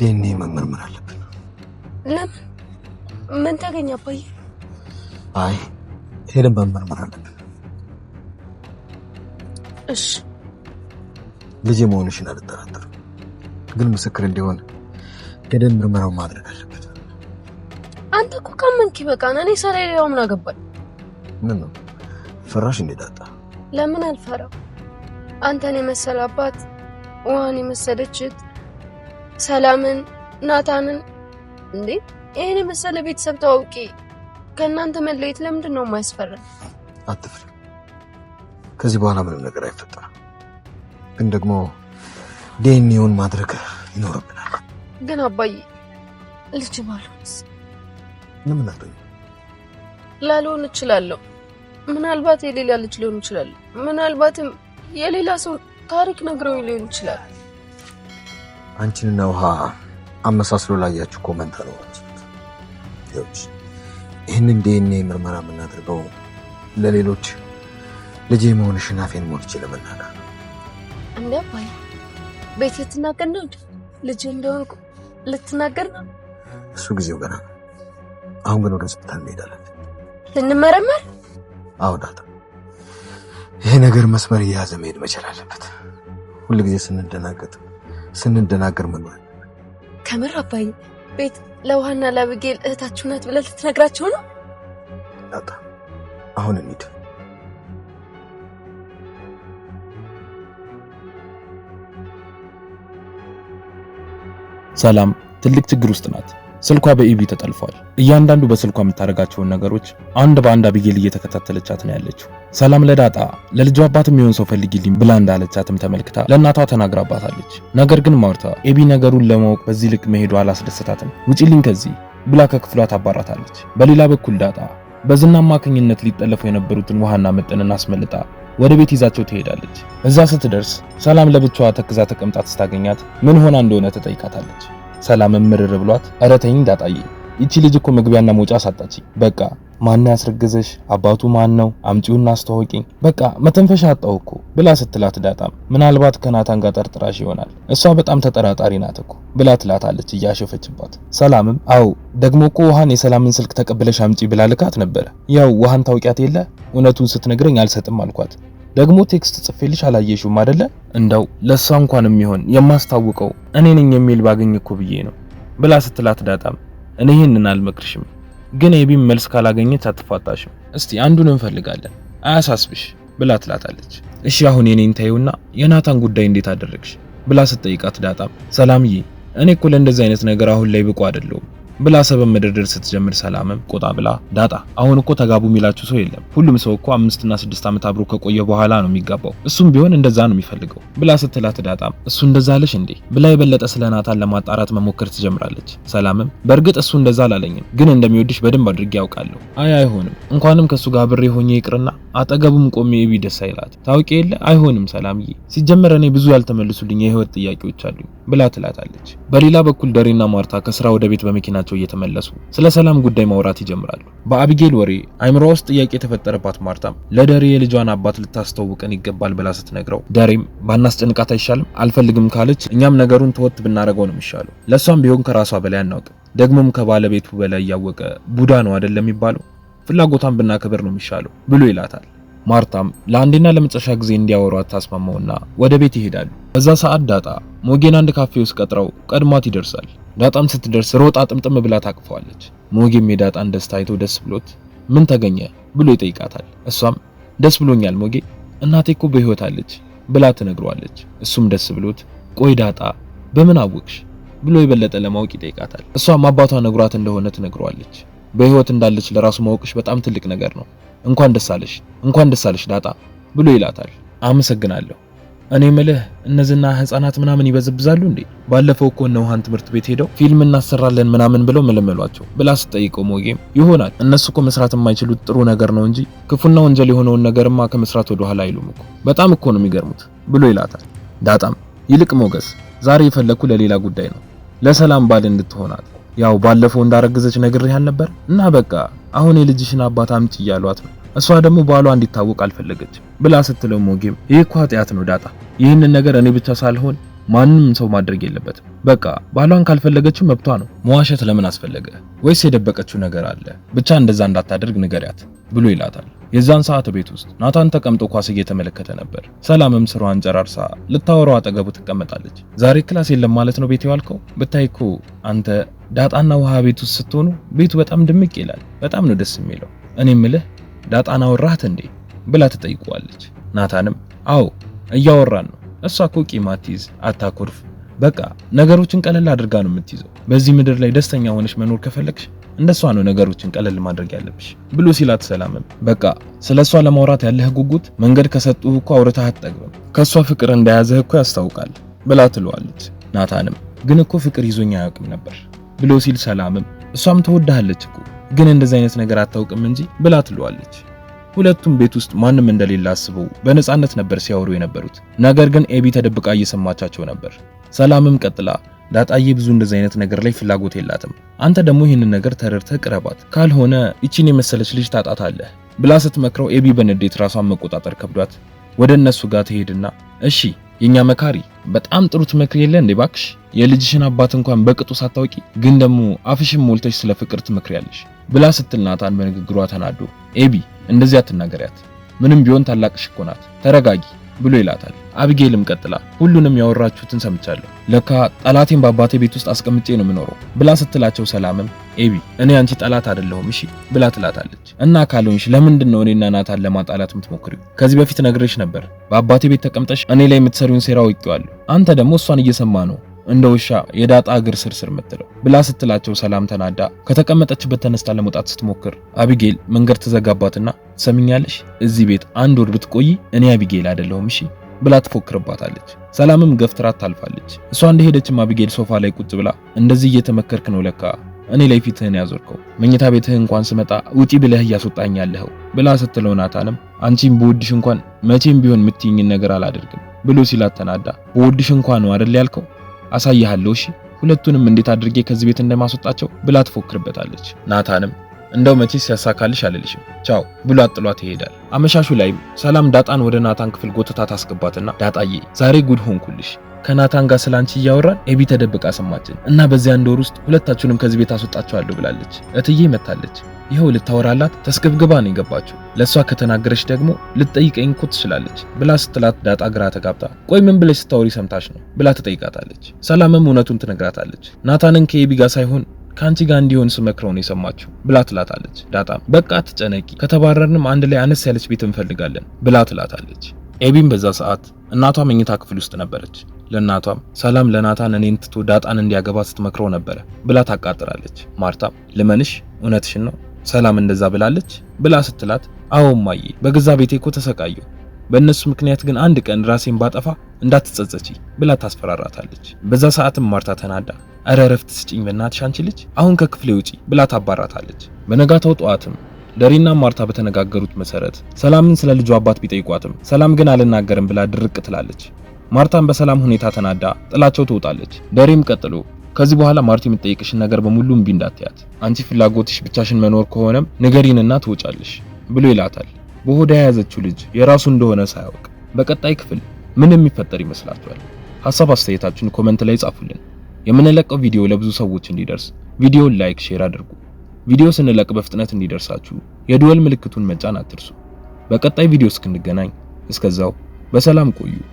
ዲኤንኤ መመርመር አለብን። ለምን? ምን ተገኘ አባዬ? አይ ሄደን መመርመር አለብን። እሺ ልጄ መሆንሽን አልጠራጠርም፣ ግን ምስክር እንዲሆን ሄደን ምርመራው ማድረግ አለበት። አንተ እኮ ከመንክ ይበቃና እኔ ሰሌዳው ምን አገባኝ? ምን ነው ፈራሽ እንዴ ለምን አልፈራው? አንተን የመሰለ አባት፣ ውሃን የመሰለች እህት ሰላምን ናታንን እንዴ ይህን የመሰለ ቤተሰብ ታውቂ ከእናንተ መለየት ለምንድን ነው የማያስፈራ? አትፍሪ። ከዚህ በኋላ ምንም ነገር አይፈጠርም። ግን ደግሞ ዴኒውን ማድረግ ይኖርብናል። ግን አባዬ ልጅ ባልሆንስ? ለምን ላልሆን እችላለሁ። ምናልባት የሌላ ልጅ ሊሆን ይችላል። ምናልባትም የሌላ ሰው ታሪክ ነግረው ሊሆን ይችላል። አንቺንና ውሃ አመሳስሎ ላያችሁ ኮመንት አለች። ይህንን ዲኤንኤ ምርመራ የምናደርገው ለሌሎች ልጅ መሆንሽን ሽናፌን ሞልች ለመናገር እንደ ባይ ቤት ልትናገር ነው። ልጄ እንደሆንኩ ልትናገር ነው። እሱ ጊዜው ገና ነው። አሁን ግን ወደ ሆስፒታል እንሄዳለን ልንመረመር። አዎ ይሄ ነገር መስመር እየያዘ መሄድ መቻል አለበት። ሁልጊዜ ስንደናገጥ ስንደናገር መኖር ከምር አባይ ቤት ለውሃና ለአብጌል እህታችሁ ናት ብለን ልትነግራቸው ነው? ዳጣ አሁን እንሂድ። ሰላም ትልቅ ችግር ውስጥ ናት። ስልኳ በኢቢ ተጠልፏል። እያንዳንዱ በስልኳ የምታደርጋቸውን ነገሮች አንድ በአንድ አብጌል እየተከታተለቻት ነው ያለችው። ሰላም ለዳጣ ለልጇ አባት የሚሆን ሰው ፈልጊልኝ ብላ እንዳለቻትም ተመልክታ ለእናቷ ተናግራባታለች። ነገር ግን ማርታ ኤቢ ነገሩን ለማወቅ በዚህ ልክ መሄዱ አላስደሰታትም። ውጪልኝ ከዚህ ብላ ከክፍሏ ታባራታለች። በሌላ በኩል ዳጣ በዝና አማካኝነት ሊጠለፉ የነበሩትን ውሃና መጠንን አስመልጣ ወደ ቤት ይዛቸው ትሄዳለች። እዛ ስትደርስ ሰላም ለብቻዋ ተክዛ ተቀምጣ ስታገኛት ምን ሆና እንደሆነ ትጠይቃታለች። ሰላምም ምርር ብሏት ኧረ ተይኝ ዳጣዬ፣ ይቺ ልጅ እኮ መግቢያና መውጫ ሳጣች። በቃ ማን ያስረገዘሽ? አባቱ ማን ነው? አምጪውና አስተዋወቂኝ። በቃ መተንፈሻ አጣሁ እኮ ብላ ስትላት፣ ዳጣም ምናልባት ከናታን ጋር ጠርጥራሽ ይሆናል እሷ በጣም ተጠራጣሪ ናት እኮ ብላ ትላታለች እያሸፈችባት። ሰላምም አው ደግሞ እኮ ውሃን የሰላምን ስልክ ተቀብለሽ አምጪ ብላ ልካት ነበረ። ያው ውሃን ታውቂያት የለ እውነቱን ስትነግረኝ አልሰጥም አልኳት ደግሞ ቴክስት ጽፌልሽ አላየሽውም አይደለ? እንደው ለሷ እንኳን የሚሆን የማስታውቀው እኔ ነኝ የሚል ባገኝ እኮ ብዬ ነው ብላ ስትላት ዳጣም እኔ ይህንን አልመክርሽም፣ ግን የቢም መልስ ካላገኘች አትፋታሽም። እስቲ አንዱን እንፈልጋለን አያሳስብሽ ብላ ትላታለች። እሺ አሁን የኔን ታዩና የናታን ጉዳይ እንዴት አደረግሽ ብላ ስትጠይቃት ዳጣም ሰላምዬ፣ እኔ እኮ ለእንደዚህ አይነት ነገር አሁን ላይ ብቁ አይደለሁም ብላ ሰበብ መደርደር ስትጀምር ሰላምም ቆጣ ብላ ዳጣ አሁን እኮ ተጋቡ የሚላችሁ ሰው የለም። ሁሉም ሰው እኮ አምስትና ስድስት ዓመት አብሮ ከቆየ በኋላ ነው የሚጋባው። እሱም ቢሆን እንደዛ ነው የሚፈልገው ብላ ስትላት ዳጣም እሱ እንደዛ አለሽ እንዴ ብላ የበለጠ ስለ ናታን ለማጣራት መሞከር ትጀምራለች። ሰላምም በእርግጥ እሱ እንደዛ አላለኝም፣ ግን እንደሚወድሽ በደንብ አድርጌ ያውቃለሁ። አይ አይሆንም፣ እንኳንም ከሱ ጋር ብሬ ሆኜ ይቅርና አጠገቡም ቆሜ ቢ ደስ አይላት። ታውቂ የለ አይሆንም ሰላምዬ። ሲጀመር እኔ ብዙ ያልተመልሱልኝ የህይወት ጥያቄዎች አሉኝ ብላ ትላታለች። በሌላ በኩል ደሬና ማርታ ከስራ ወደ ቤት በመኪናቸው እየተመለሱ ስለ ሰላም ጉዳይ ማውራት ይጀምራሉ። በአቢጌል ወሬ አይምሮ ውስጥ ጥያቄ የተፈጠረባት ማርታም ለደሬ የልጇን አባት ልታስተውቀን ይገባል ብላ ስትነግረው ደሬም ባናስጨንቃት አይሻልም? አልፈልግም ካለች እኛም ነገሩን ተወት ብናደርገው ነው የሚሻለው። ለእሷም ቢሆን ከራሷ በላይ አናውቅም። ደግሞም ከባለቤቱ በላይ እያወቀ ቡዳ ነው አይደለም የሚባለው ፍላጎቷን ብናከብር ነው የሚሻለው ብሎ ይላታል። ማርታም ለአንድና ለመጨረሻ ጊዜ እንዲያወሯት ታስማመውና ወደ ቤት ይሄዳሉ። በዛ ሰዓት ዳጣ ሞጌን አንድ ካፌ ውስጥ ቀጥረው ቀድሟት ይደርሳል። ዳጣም ስትደርስ ሮጣ ጥምጥም ብላ ታቅፈዋለች። ሞጌም የዳጣን ደስታ አይቶ ደስ ብሎት ምን ተገኘ ብሎ ይጠይቃታል። እሷም ደስ ብሎኛል ሞጌ፣ እናቴ እኮ በህይወት አለች ብላ ትነግሯለች። እሱም ደስ ብሎት ቆይ ዳጣ በምን አወቅሽ ብሎ የበለጠ ለማወቅ ይጠይቃታል። እሷም አባቷ ነግሯት እንደሆነ ትነግሯለች። በህይወት እንዳለች ለራሱ ማወቅሽ በጣም ትልቅ ነገር ነው እንኳን ደስ አለሽ፣ እንኳን ደስ አለሽ ዳጣ ብሎ ይላታል። አመሰግናለሁ። እኔ ምልህ እነዚህና ህፃናት ምናምን ይበዘብዛሉ እንዴ? ባለፈው እኮ እነ ውሃን ትምህርት ቤት ሄደው ፊልም እናሰራለን ምናምን ብለው መለመሏቸው ብላ ስጠይቀው ሞጌም ይሆናል እነሱ እኮ መስራት የማይችሉት ጥሩ ነገር ነው እንጂ ክፉና ወንጀል የሆነውን ነገርማ ከመስራት ወደ ኋላ አይሉም እኮ በጣም እኮ ነው የሚገርሙት ብሎ ይላታል። ዳጣም ይልቅ ሞገስ ዛሬ የፈለኩ ለሌላ ጉዳይ ነው፣ ለሰላም ባል እንድትሆናት ያው ባለፈው እንዳረገዘች ነግሬህ አልነበር እና በቃ አሁን የልጅሽን አባት አምጪ እያሏት ነው። እሷ ደግሞ ባሏ እንዲታወቅ አልፈለገችም ብላ ስትለው ሞጌም ይህ እኮ ኃጢአት ነው ዳጣ፣ ይህንን ነገር እኔ ብቻ ሳልሆን ማንም ሰው ማድረግ የለበትም። በቃ ባሏን ካልፈለገችው መብቷ ነው። መዋሸት ለምን አስፈለገ? ወይስ የደበቀችው ነገር አለ? ብቻ እንደዛ እንዳታደርግ ንገሪያት ብሎ ይላታል። የዛን ሰዓት ቤት ውስጥ ናታን ተቀምጦ ኳስ እየተመለከተ ነበር። ሰላምም ስሯን ጨራርሳ ልታወራው አጠገቡ ትቀመጣለች። ዛሬ ክላስ የለም ማለት ነው ቤት የዋልከው? ብታይ እኮ አንተ ዳጣና ውሃ ቤት ውስጥ ስትሆኑ ቤቱ በጣም ድምቅ ይላል። በጣም ነው ደስ የሚለው። እኔ ምልህ ዳጣና አወራህት እንዴ ብላ ትጠይቀዋለች። ናታንም አዎ እያወራን ነው እሷ እኮ ቂም አትይዝ፣ አታኮርፍ። በቃ ነገሮችን ቀለል አድርጋ ነው የምትይዘው። በዚህ ምድር ላይ ደስተኛ ሆነሽ መኖር ከፈለግሽ እንደሷ ነው ነገሮችን ቀለል ማድረግ ያለብሽ ብሎ ሲላት፣ ሰላምም በቃ ስለ እሷ ለማውራት ያለህ ጉጉት መንገድ ከሰጡህ እኮ አውርተህ አትጠግብም፣ ከእሷ ፍቅር እንደያዘህ እኮ ያስታውቃል ብላ ትለዋለች። ናታንም ግን እኮ ፍቅር ይዞኝ አያውቅም ነበር ብሎ ሲል፣ ሰላምም እሷም ትወዳሃለች እኮ ግን እንደዚህ አይነት ነገር አታውቅም እንጂ ብላ ትለዋለች። ሁለቱም ቤት ውስጥ ማንም እንደሌለ አስበው በነፃነት ነበር ሲያወሩ የነበሩት። ነገር ግን ኤቢ ተደብቃ እየሰማቻቸው ነበር። ሰላምም ቀጥላ ዳጣዬ ብዙ እንደዚህ አይነት ነገር ላይ ፍላጎት የላትም፣ አንተ ደግሞ ይህንን ነገር ተረድተህ ቅረባት፣ ካልሆነ ይቺን የመሰለች ልጅ ታጣታለህ ብላ ስትመክረው ኤቢ በንዴት ራሷን መቆጣጠር ከብዷት ወደ እነሱ ጋር ትሄድና እሺ የኛ መካሪ በጣም ጥሩ ትመክር የለ እንዴ ባክሽ? የልጅሽን አባት እንኳን በቅጡ ሳታውቂ ግን ደግሞ አፍሽን ሞልተሽ ስለ ፍቅር ትመክሪያለሽ ብላ ስትል ናታን በንግግሯ ተናዶ ኤቢ እንደዚያ አትናገሪያት፣ ምንም ቢሆን ታላቅሽ እኮ ናት፣ ተረጋጊ ብሎ ይላታል። አብጌልም ቀጥላ ሁሉንም ያወራችሁትን ሰምቻለሁ፣ ለካ ጠላቴን በአባቴ ቤት ውስጥ አስቀምጬ ነው የምኖረው ብላ ስትላቸው ሰላምም ኤቢ እኔ አንቺ ጠላት አይደለሁም እሺ ብላ ትላታለች። እና ካልሆንሽ ለምንድን ነው እኔና ናታን ለማጣላት የምትሞክሪው? ከዚህ በፊት ነግሬሽ ነበር፣ በአባቴ ቤት ተቀምጠሽ እኔ ላይ የምትሰሪውን ሴራ አውቄዋለሁ። አንተ ደግሞ እሷን እየሰማ ነው እንደ ውሻ የዳጣ እግር ስር ስር ምትለው ብላ ስትላቸው ሰላም ተናዳ ከተቀመጠችበት ተነስታ ለመውጣት ስትሞክር አቢጌል መንገድ ተዘጋባትና ትሰሚኛለሽ፣ እዚህ ቤት አንድ ወር ብትቆይ እኔ አቢጌል አይደለሁም እሺ ብላ ትፎክርባታለች። ሰላምም ገፍትራት ታልፋለች። እሷ እንደሄደችም አቢጌል ሶፋ ላይ ቁጭ ብላ እንደዚህ እየተመከርክ ነው ለካ እኔ ላይ ፊትህን ያዞርከው መኝታ ቤትህ እንኳን ስመጣ ውጪ ብለህ እያስወጣኛለኸው ብላ ስትለው ናታንም አንቺም በወድሽ እንኳን መቼም ቢሆን የምትይኝን ነገር አላደርግም ብሎ ሲላት ተናዳ በወድሽ እንኳን ነው አይደል ያልከው አሳያለሁ፣ እሺ ሁለቱንም እንዴት አድርጌ ከዚህ ቤት እንደማስወጣቸው ብላ ትፎክርበታለች። ናታንም እንደው መቼ ሲያሳካልሽ አልልሽም ቻው ብሏት ጥሏት ይሄዳል። አመሻሹ ላይም ሰላም ዳጣን ወደ ናታን ክፍል ጎትታ ታስገባትና ዳጣዬ ዛሬ ጉድ ሆንኩልሽ ከናታን ጋር ስላንቺ እያወራን ኤቢ ተደብቃ ሰማችን እና በዚያ አንድ ወር ውስጥ ሁለታችሁንም ከዚህ ቤት አስወጣቸዋለሁ ብላለች። እትዬ መታለች። ይኸው ልታወራላት ተስገብግባ ነው የገባችው። ለእሷ ከተናገረች ደግሞ ልትጠይቀኝ እኮ ትችላለች ብላ ስትላት ዳጣ ግራ ተጋብታ ቆይ ምን ብለሽ ስታወሪ ሰምታች ነው ብላ ትጠይቃታለች። ሰላምም እውነቱን ትነግራታለች። ናታንን ከኤቢ ጋር ሳይሆን ከአንቺ ጋር እንዲሆን ስመክረው ነው የሰማችሁ ብላ ትላታለች። ዳጣም በቃ ትጨነቂ፣ ከተባረርንም አንድ ላይ አነስ ያለች ቤት እንፈልጋለን ብላ ትላታለች። ኤቢም በዛ ሰዓት እናቷ መኝታ ክፍል ውስጥ ነበረች። ለእናቷም ሰላም ለናታን እኔን ትቶ ዳጣን እንዲያገባ ስትመክረው ነበረ ብላ ታቃጥራለች። ማርታም ልመንሽ፣ እውነትሽን ነው ሰላም እንደዛ ብላለች ብላ ስትላት አዎ እማዬ በገዛ ቤቴ እኮ ተሰቃየሁ በእነሱ ምክንያት ግን አንድ ቀን ራሴን ባጠፋ እንዳትጸጸቺ ብላ ታስፈራራታለች። በዛ ሰዓትም ማርታ ተናዳ እረ እረፍት ስጪኝ በእናትሽ አንቺ ልጅ አሁን ከክፍሌ ውጪ ብላ ታባራታለች። በነጋታው ጠዋትም ደሬና ማርታ በተነጋገሩት መሰረት ሰላምን ስለ ልጁ አባት ቢጠይቋትም ሰላም ግን አልናገርም ብላ ድርቅ ትላለች። ማርታም በሰላም ሁኔታ ተናዳ ጥላቸው ትወጣለች። ደሬም ቀጥሎ ከዚህ በኋላ ማርቲ የምትጠይቅሽን ነገር በሙሉ እምቢ እንዳትያት፣ አንቺ ፍላጎትሽ ብቻሽን መኖር ከሆነም ንገሪንና ትወጫለሽ ብሎ ይላታል። በሆዳ የያዘችው ልጅ የራሱ እንደሆነ ሳያውቅ። በቀጣይ ክፍል ምን የሚፈጠር ይመስላችኋል? ሀሳብ አስተያየታችሁን ኮመንት ላይ ጻፉልን። የምንለቀው ቪዲዮ ለብዙ ሰዎች እንዲደርስ ቪዲዮውን ላይክ፣ ሼር አድርጉ። ቪዲዮ ስንለቅ በፍጥነት እንዲደርሳችሁ የድወል ምልክቱን መጫን አትርሱ። በቀጣይ ቪዲዮ እስክንገናኝ እስከዛው በሰላም ቆዩ።